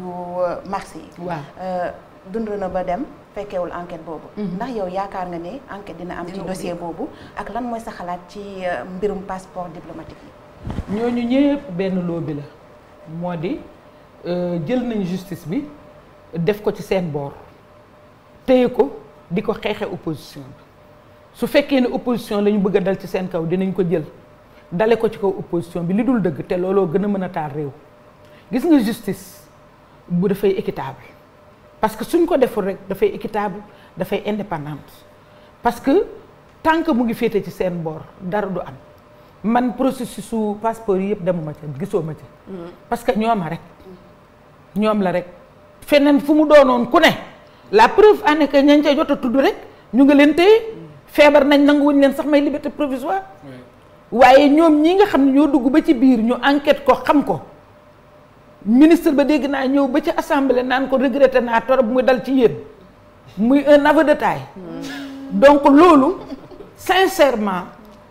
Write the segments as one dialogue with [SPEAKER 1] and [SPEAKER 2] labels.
[SPEAKER 1] yu euh, marché yi euh, dund na ba dem fekkewul enquête boobu mhm. ndax yow yaakaar nga ni enquête dina am ci dossier boobu ak lan mooy sa xalaat ci euh, mbirum passeport diplomatique yi ñooñu ñëpp benn lool bi la moo di jël nañ justice bi def ko ci seen boor téye ko di ko xeexe opposition bi su fekkee ne opposition la bëgg a dal ci seen kaw dinañ ko jël dale ko ci ko opposition bi li dul dëgg te looloo gën a mën a taal réew gis nga justice bu dafay équitable parce que suñ ko deful rek dafay équitable dafay indépendante parce que tant que mu ngi féete ci seen boor dara du am man processus su passeport yi yëpp demuma ca gisoo ma ci parce que ñoom rek ñoom la rek feneen fu mu doonoon ku ne la preuve en ñañ ca jot a tudd rek ñu nga leen téye feebar nañ nangu nanguwuñ leen sax may liberté provisoire waaye ñoom ñii nga xam ne ñoo dugg ba ci biir ñu enquête ko xam ko. ministre ba dégg naa ñëw ba ci assemblée naan ko regretté naa torop mu dal ci yéen muy un aveu de taille donc loolu sincèrement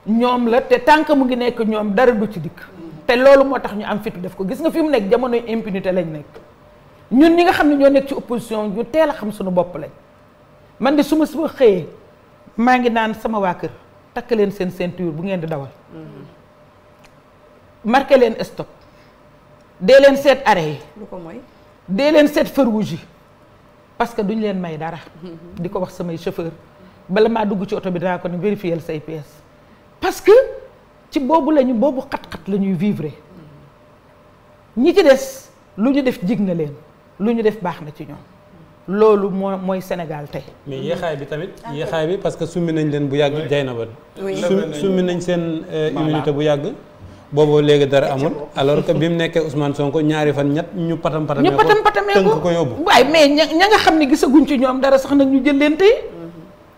[SPEAKER 1] ñoom la te tant que mu ngi nekk ñoom dara du ci dikk te loolu moo tax ñu am fitu def ko gis nga fi mu nekk jamonoy impunité lañ nekk ñun ñi nga xam ne ñoo nekk ci opposition ñu teel a xam suñu bopp lañ man de su ma su ma xëyee maa ngi naan sama waa kër takk leen seen ceinture bu ngeen di dawal mm-hmm. marqué leen stop dee leen seet arrêt yi. lu ko mooy dee leen seet feu rouge yi parce que duñ leen may dara. Mhm. di ko wax samay chauffeur bala maa dugg ci oto bi dinaa ko ne vérifier say pièces parce que ci boobu lañu boobu xat-xat la ñuy vivre ñi ci des lu ñu def jig na leen lu ñu def baax na ci ñoom. loolu moo mooy Sénégal tey. mais yéexaay bi tamit ah, yéexaay bi parce que summi nañ leen bu yàgg. jay na ba summi nañ seen euh, immunité bu yàgg. boobu léegi dara amul alors que bi mu nekkee Ousmane Sonko ñaari fan ñett ñu patam patamee ko ñu patam patamee ko tënk ko yóbbu. waaye mais ña ñoom dara sax nag ñu jël leen tey.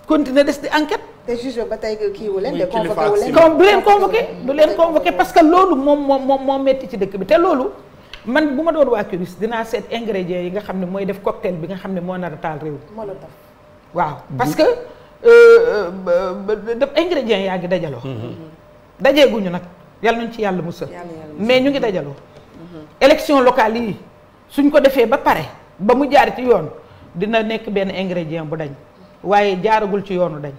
[SPEAKER 1] des enquête. te juge ba tey kii wu leen de convoqué wu leen. comme du leen convoqué parce que loolu moom moom moo metti ci dëkk bi te loolu. man bu ma doon waa curis dinaa seet ingrédients yi nga xam ne mooy def cocktail bi nga xam ne moo nar a taal réew. molotov waaw parce que euh, euh, def ingrédients yaa ngi dajaloo. Mm-hmm. dajeeguñu nag. yal nañ ci yàlla musal mais ñu ngi dajaloo mhm. élection locale yi suñ ko defee ba pare ba mu jaar ci yoon dina nekk benn ingrédient bu dañ waaye jaaragul ci yoonu dañ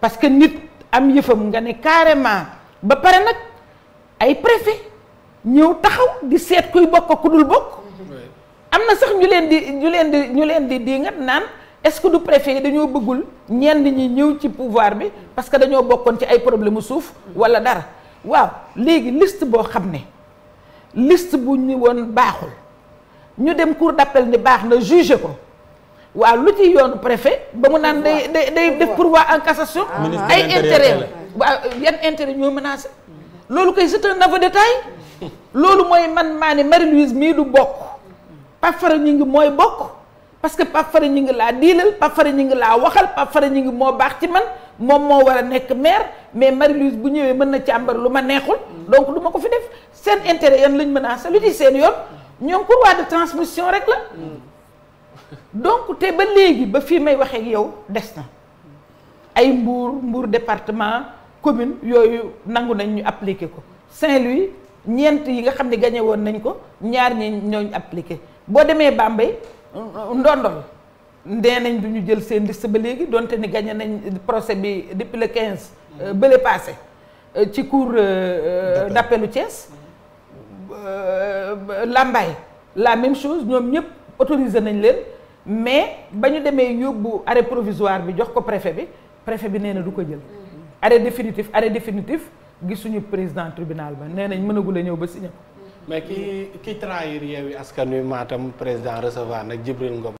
[SPEAKER 1] parce que nit am yëfam nga ne carrément ba pare nag ay préfet ñëw taxaw di seet kuy bokk ku dul bokk am na sax ñu leen di ñu leen di ñu leen di di ngat naan est-ce que du préfet yi dañoo bëggul ñenn ñi ñëw ci pouvoir bi parce que dañoo bokkoon ci ay problème mu suuf walla dara waaw léegi list boo xam ne liste bu ñu woon baaxul ñu dem cour d'appel ni baax na jugé ko waaw lu ci yoonu préfet ba mu naan day day day def pourvoi en cassation ah. ay intérêt la waaw yan intérêt ñoo menacé loolu koy c'est un aveu de taille loolu mooy man maa ne Marie Louise mii du bokk Pape ñu ngi mooy bokk parce que Pape Fara ñu ngi laa diilal Pape Fara ñu ngi laa waxal Pape Fara ñu ngi moo baax ci man moom moo war a nekk maire mais Marie-Louise bu ñëwee mën na càmbar lu ma neexul donc du ma ko fi def seen intérêt yan lañ mën a sa lu ci seen yoon ñoom courroie de transmission rek la donc te ba léegi ba fi may waxee yow des na ay Mbour Mbour département commune yooyu nangu nañ ñu appliqué ko Saint-Louis ñeent yi nga xam ne gañe woon nañ ko ñaar ñi ñooñ appliqué boo demee Bambey ndondo ndee nañ du ñu jël seen liste ba léegi donte ni gagné nañ procès bi depuis le quinze euh, bële passé euh, ci cour euh, d'appelu Thiès. Lambaye la même chose ñoom ñëpp autorisé nañ leen mais ba ñu demee yóbbu arrêt provisoire bi jox ko préfet bi préfet bi nee na du ko jël. Mm-hmm. arrêt définitif arrêt définitif gisuñu président tribunal ba nee nañ mënagul ñëw ba signé ko mais ki ki trahir Yewwi Askan Wi maatam président recevoir nag Djibril Ngom